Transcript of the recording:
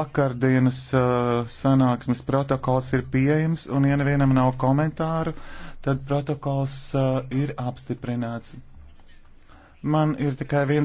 Vakardienas uh, sanāksmes protokols ir pieejams, un ja nevienam nav komentāru, tad protokols uh, ir apstiprināts. Man ir tikai viens.